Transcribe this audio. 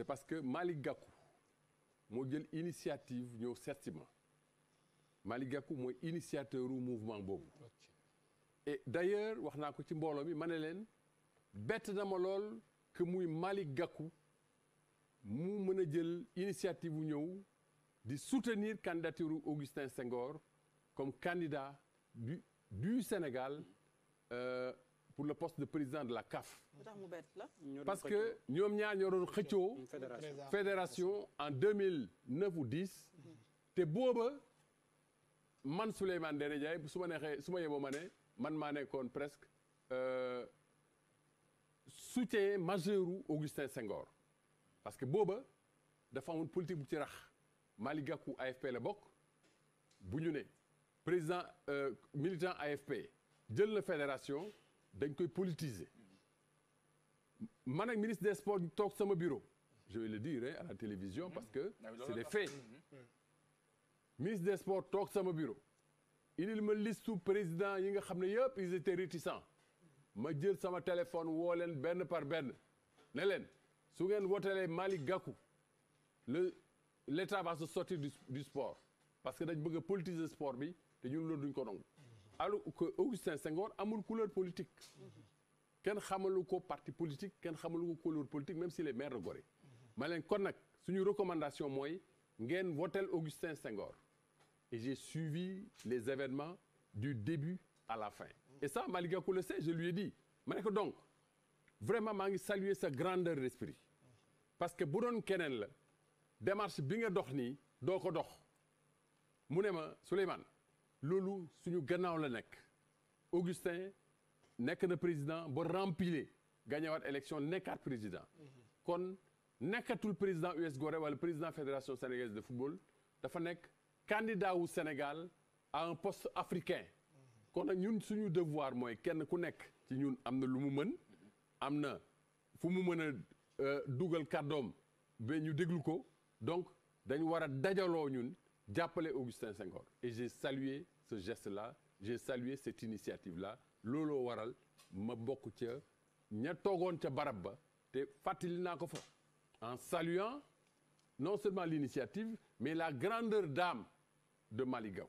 c'est parce que Malick gàkku moo jël initiative ñëw seet si ma Malick Gakou mooy initiateur u mouvement boobu et wax naa ko ci mbooloo mi ma ne leen bett na ma lool que muy Malick gàkku mu mën a jël initiative wu ñëw di soutenir candidature Augustin Senghor comme candidat du du Sénégal euh, pour le de président de la CAF. parce que ñoom ñaar ñoo doon xëccoo. fédération en 2009 ou 10. te booba man Souleymane Ndéné Ndiaye su ma neexee su ma yeboo ma ne man maa nekkoon presque euh, soutien majeur u Augustin Senghor. parce que booba dafa amoon politique bu ci rax Malick Gakou AFP la bokk bu ñu ne président euh, militant AFP jël na fédération. dañ koy politiser man ak ministre des sports toog sama bureau je vais le dire hein, à la télévision hmm. parce que ah c'est des faits hmm, hmm. ministre des sports toog sama bureau il ma listu président yi nga xam ne yëpp ils étaient réticents ma jël sama téléphone woo leen benn par benn ne leen su ngeen wotelee Malick Gakou le l'état va se du, sport parce que dañ bëgg a politiser sport bi te ñun loolu duñ ko nangu alors que Augustin Senghor amul couleur politique kenn xamalu ko parti politique kenn xamalu ko couleur politique même si est maire de Gorée ma leen kon nag suñu recommandation mooy ngeen votel Augustin Senghor et j'ai suivi les événement du début à la fin et ça Malick Gakou le sait je lui ai ma ne donc vraiment maa ngi saluer sa grandeur d'esprit parce que bu doon keneen la démarche bi nga dox nii doo ko dox mu ne ma Souleymane loolu suñu gannaaw la nekk Augustin nekk na président ba rempiler gagnewaat élection nekkaat président kon nekkatul président US Gorée wala président fédération sénégalaise de football dafa nekk candidat wu Sénégal à un poste africain kon nag ñun suñu devoir mooy kenn ku nekk ci ñun am na lu mu mën am na fu mu mën a euh, dugal kàddoom ba ñu déglu ko donc dañu war a dajaloo ñun jàppale Augustin Senghor et j'ai salué ce geste-là j'ai salué cette initiative la looloo waral ma bokk ca ña toogoon ca barab ba te fàttali naa ko fa en saluant non seulement l'initiative mais la grandeur daam de Malick